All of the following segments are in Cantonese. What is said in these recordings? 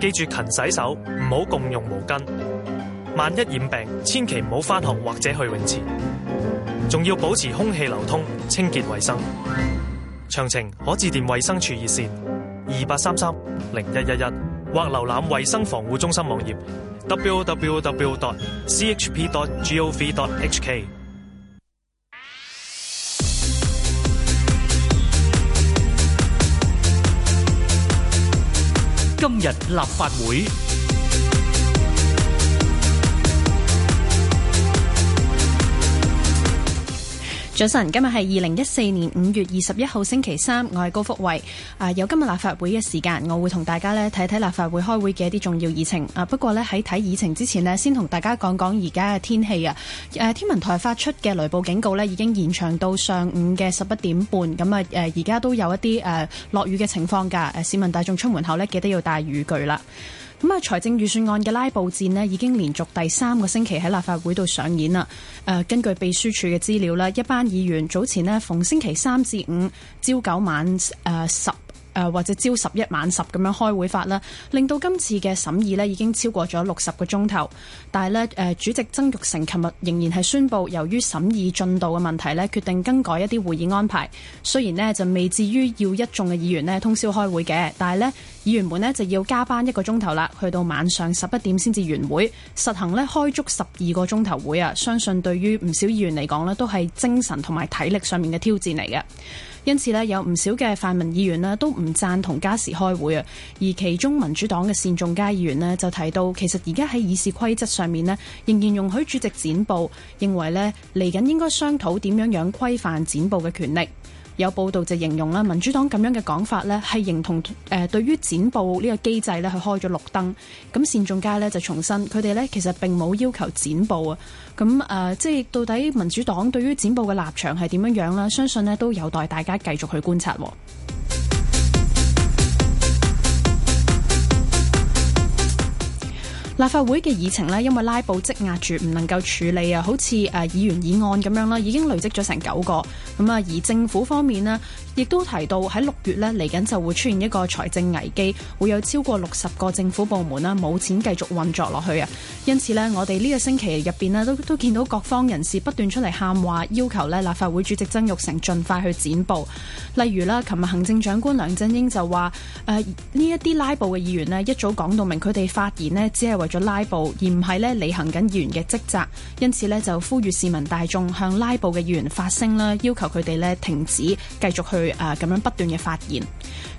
記住勤洗手，唔好共用毛巾。萬一染病，千祈唔好返學或者去泳池。仲要保持空氣流通、清潔衛生。詳情可致電衛生署熱線二八三三零一一一，1, 或瀏覽衛生防護中心網頁 www.chp.gov.hk。Www. 今日立法會。早晨，今日係二零一四年五月二十一號星期三，我係高福慧。啊，有今日立法會嘅時間，我會同大家咧睇睇立法會開會嘅一啲重要議程。啊，不過呢喺睇議程之前呢先同大家講講而家嘅天氣啊。誒，天文台發出嘅雷暴警告呢已經延長到上午嘅十一點半。咁啊，誒、啊，而家都有一啲誒落雨嘅情況噶。誒、啊，市民大眾出門口呢記得要帶雨具啦。咁啊，財政預算案嘅拉布戰呢已經連續第三個星期喺立法會度上演啦。誒，根據秘書處嘅資料啦，一班議員早前呢逢星期三至五朝九晚誒、呃、十。誒、呃、或者朝十一晚十咁樣開會法啦，令到今次嘅審議呢已經超過咗六十個鐘頭。但係呢、呃、主席曾鈺成琴日仍然係宣布，由於審議進度嘅問題呢，決定更改一啲會議安排。雖然呢就未至於要一眾嘅議員呢通宵開會嘅，但係呢議員們呢就要加班一個鐘頭啦，去到晚上十一點先至完會，實行呢開足十二個鐘頭會啊！相信對於唔少議員嚟講呢，都係精神同埋體力上面嘅挑戰嚟嘅。因此咧，有唔少嘅泛民議員呢都唔贊同加時開會啊，而其中民主黨嘅單仲偕議員呢就提到，其實而家喺議事規則上面呢仍然容許主席剪布，認為呢嚟緊應該商討點樣樣規範剪布嘅權力。有報道就形容啦，民主黨咁樣嘅講法咧，係認同誒對於剪布呢個機制去開咗綠燈。咁單仲偕就重申，佢哋咧其實並冇要求剪布啊。咁即到底民主黨對於剪布嘅立場係點樣啦？相信都有待大家繼續去觀察。立法會嘅議程呢，因為拉布積壓住，唔能夠處理啊，好似誒議員議案咁樣啦，已經累積咗成九個，咁啊而政府方面呢，亦都提到喺六月咧，嚟緊就會出現一個財政危機，會有超過六十個政府部門啦，冇錢繼續運作落去啊！因此咧，我哋呢個星期入邊咧都都見到各方人士不斷出嚟喊話，要求咧立法會主席曾鈺成盡快去剪布。例如啦，琴日，行政長官梁振英就話：誒、呃，呢一啲拉布嘅議員咧，一早講到明，佢哋發言咧只係為咗拉布，而唔係咧履行緊議員嘅職責。因此咧，就呼籲市民大眾向拉布嘅議員發聲啦，要求佢哋咧停止繼續去。咁樣不斷嘅發言，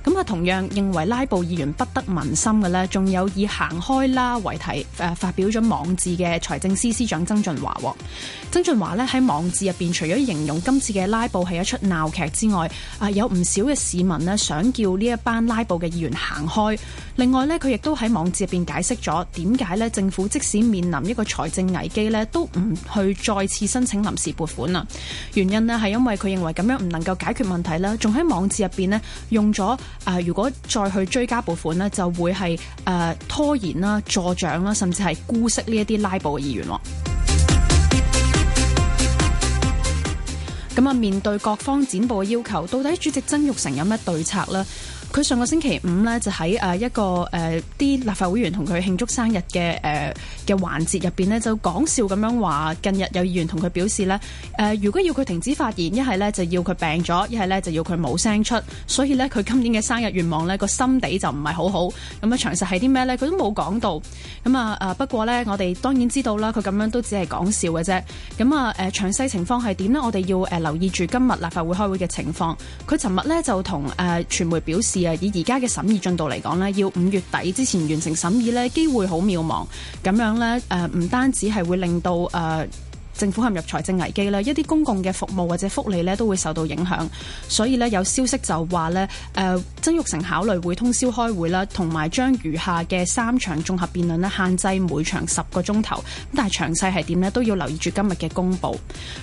咁啊，同樣認為拉布議員不得民心嘅呢，仲有以行開啦為題誒發表咗網誌嘅財政司司長曾俊華。曾俊華呢喺網誌入邊，除咗形容今次嘅拉布係一出鬧劇之外，啊有唔少嘅市民呢想叫呢一班拉布嘅議員行開。另外呢，佢亦都喺網誌入邊解釋咗點解呢，政府即使面臨一個財政危機呢，都唔去再次申請臨時撥款啊。原因呢，係因為佢認為咁樣唔能夠解決問題仲喺網誌入邊呢，用咗誒、呃，如果再去追加撥款呢，就會係誒、呃、拖延啦、助長啦，甚至係姑息呢一啲拉布嘅議員。咁啊，面對各方展布嘅要求，到底主席曾鈺成有咩對策呢？佢上個星期五咧就喺一個啲、呃、立法會員同佢慶祝生日嘅誒嘅環節入邊呢，就講笑咁樣話，近日有議員同佢表示呢，呃、如果要佢停止發言，一係呢就要佢病咗，一係呢就要佢冇聲出，所以呢，佢今年嘅生日願望呢個心底就唔係好好。咁啊，詳實係啲咩呢？佢都冇講到。咁啊、呃、不過呢，我哋當然知道啦，佢咁樣都只係講笑嘅啫。咁啊誒，詳細情況係點呢？我哋要、呃、留意住今日立法會開會嘅情況。佢尋日呢，就同誒、呃、傳媒表示。以而家嘅審議進度嚟講呢，要五月底之前完成審議呢，機會好渺茫。咁樣呢，誒唔單止係會令到誒，呃政府陷入財政危機啦，一啲公共嘅服務或者福利咧都會受到影響。所以咧有消息就話咧，誒、呃、曾鈺成考慮會通宵開會啦，同埋將餘下嘅三場綜合辯論咧限制每場十個鐘頭，咁但係詳細係點咧都要留意住今日嘅公布。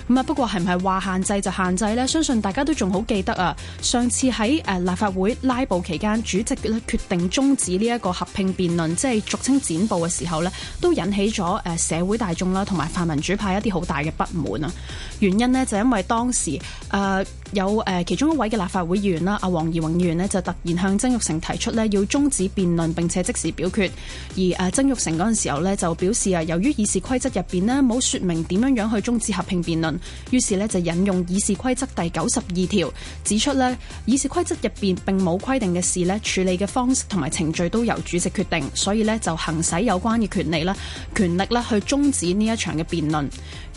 咁啊不過係唔係話限制就限制咧，相信大家都仲好記得啊，上次喺誒立法會拉布期間主席咧決定終止呢一個合併辯論，即係俗稱剪布嘅時候咧，都引起咗誒社會大眾啦同埋泛民主派一啲好。好大嘅不滿啊！原因咧就係因為當時誒。呃有誒、呃、其中一位嘅立法會議員啦，阿、啊、黃宜弘議員呢，就突然向曾鈺成提出呢要中止辯論，並且即時表決。而誒、啊、曾鈺成嗰陣時候呢，就表示啊，由於議事規則入邊呢冇説明點樣樣去中止合併辯論，於是呢就引用議事規則第九十二條，指出呢議事規則入邊並冇規定嘅事呢處理嘅方式同埋程序都由主席決定，所以呢就行使有關嘅權利啦，權力啦去中止呢一場嘅辯論。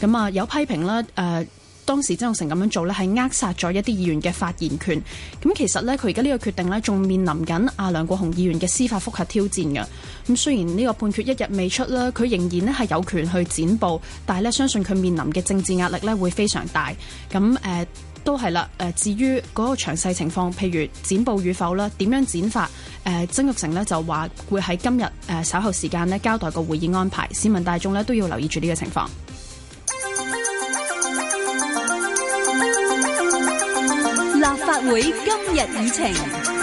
咁啊有批評啦誒。呃當時曾鈺成咁樣做咧，係扼殺咗一啲議員嘅發言權。咁其實咧，佢而家呢個決定咧，仲面臨緊阿梁國雄議員嘅司法覆核挑戰嘅。咁雖然呢個判決一日未出啦，佢仍然咧係有權去剪布，但係咧相信佢面臨嘅政治壓力咧會非常大。咁誒、呃、都係啦。誒、呃、至於嗰個詳細情況，譬如剪布與否啦，點樣剪法？誒、呃、曾鈺成呢就話會喺今日誒、呃、稍後時間咧交代個會議安排，市民大眾咧都要留意住呢個情況。法會今日議程。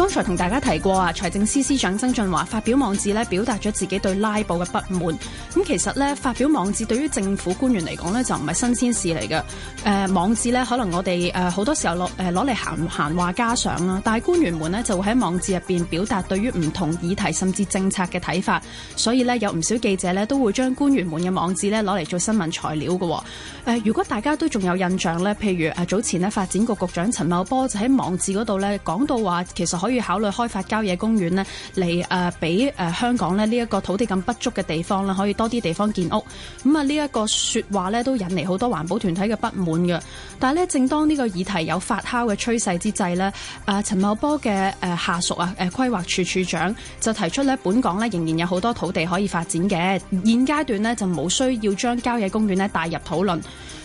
剛才同大家提過啊，財政司司長曾俊華發表網誌咧，表達咗自己對拉布嘅不滿。咁其實咧，發表網誌對於政府官員嚟講咧，就唔係新鮮事嚟嘅。誒，網誌咧，可能我哋誒好多時候攞誒攞嚟閒閒話家常啦。但係官員們呢就會喺網誌入邊表達對於唔同議題甚至政策嘅睇法。所以咧，有唔少記者咧都會將官員們嘅網誌咧攞嚟做新聞材料嘅。誒，如果大家都仲有印象咧，譬如誒早前咧發展局局長陳茂波就喺網誌嗰度咧講到話，其實可以。需要考慮開發郊野公園咧，嚟，誒俾，誒香港咧呢一、這個土地咁不足嘅地方咧，可以多啲地方建屋。咁啊呢一個說話咧，都引嚟好多環保團體嘅不滿嘅。但係咧，正當呢個議題有發酵嘅趨勢之際咧，啊、呃、陳茂波嘅誒、呃、下屬啊，誒、呃、規劃處處長就提出咧，本港咧仍然有好多土地可以發展嘅，現階段咧就冇需要將郊野公園咧帶入討論。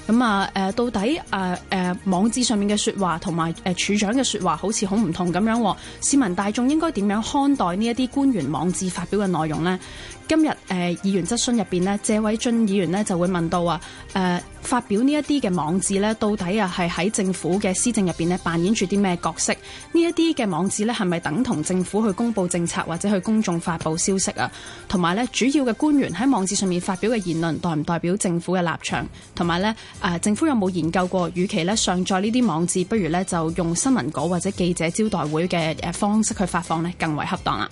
咁啊，誒，到底誒，誒，網誌上面嘅說話同埋誒處長嘅說話好似好唔同咁樣，市民大眾應該點樣看待呢一啲官員網誌發表嘅內容咧？今日誒、呃、議員質詢入邊咧，謝偉俊議員咧就會問到話誒、呃、發表呢一啲嘅網誌咧，到底啊係喺政府嘅施政入邊咧扮演住啲咩角色？呢一啲嘅網誌咧係咪等同政府去公布政策或者去公眾發布消息啊？同埋咧，主要嘅官員喺網誌上面發表嘅言論，代唔代表政府嘅立場？同埋咧，誒、呃、政府有冇研究過，與其咧上載呢啲網誌，不如咧就用新聞稿或者記者招待會嘅誒方式去發放呢，更為恰當啦。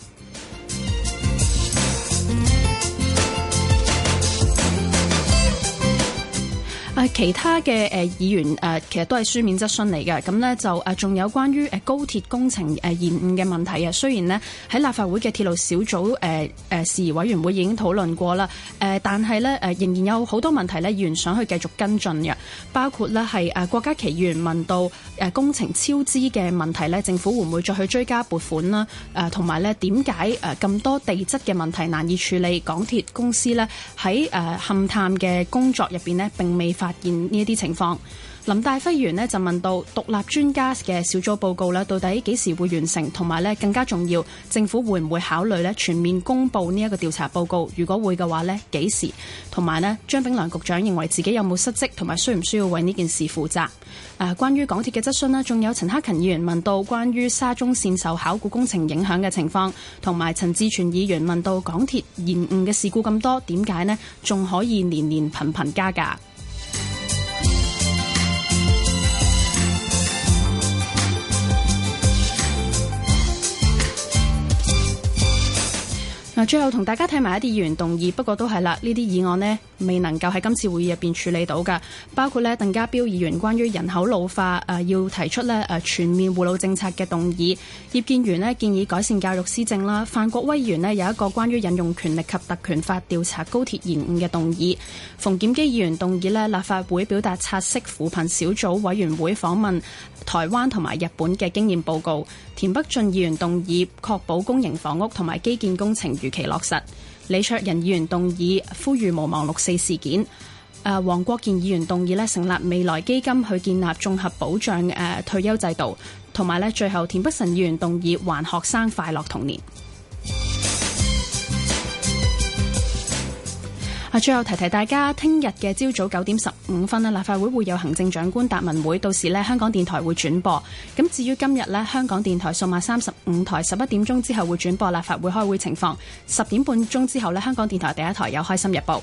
其他嘅誒議員誒其實都係書面質詢嚟嘅，咁呢，就誒仲有關於誒高鐵工程誒延誤嘅問題啊。雖然呢，喺立法會嘅鐵路小組誒誒事宜委員會已經討論過啦，誒但係呢，誒仍然有好多問題呢，議員想去繼續跟進嘅，包括呢，係誒郭家麒議員問到誒工程超支嘅問題呢，政府會唔會再去追加撥款啦？誒同埋呢，點解誒咁多地質嘅問題難以處理？港鐵公司呢，喺誒勘探嘅工作入邊呢，並未發現呢一啲情況，林大輝議員呢就問到獨立專家嘅小組報告呢，到底幾時會完成？同埋呢，更加重要，政府會唔會考慮呢全面公佈呢一個調查報告？如果會嘅話呢，幾時？同埋呢，張炳良局長認為自己有冇失職，同埋需唔需要為呢件事負責？誒、啊，關於港鐵嘅質詢啦，仲有陳克勤議員問到關於沙中綫受考古工程影響嘅情況，同埋陳志全議員問到港鐵延誤嘅事故咁多，點解呢仲可以年年頻頻加價？最後同大家睇埋一啲議員動議，不過都係啦，呢啲議案呢，未能夠喺今次會議入面處理到㗎，包括呢鄧家彪議員關於人口老化、呃、要提出呢全面護老政策嘅動議，葉建源呢建議改善教育施政啦，范國威議員呢有一個關於引用權力及特權法調查高鐵延誤嘅動議，馮檢基議員動議呢，立法會表達策式扶貧小組委員會訪問台灣同埋日本嘅經驗報告，田北俊議員動議確保公營房屋同埋基建工程如期落實；李卓人議員動議呼籲無忘六四事件；誒黃國健議員動議咧成立未來基金去建立綜合保障誒退休制度，同埋咧最後田北辰議員動議還學生快樂童年。最後提提大家，聽日嘅朝早九點十五分呢立法會會有行政長官答問會，到時呢香港電台會轉播。咁至於今日呢香港電台數碼三十五台十一點鐘之後會轉播立法會開會情況，十點半鐘之後呢香港電台第一台有《開心日報》。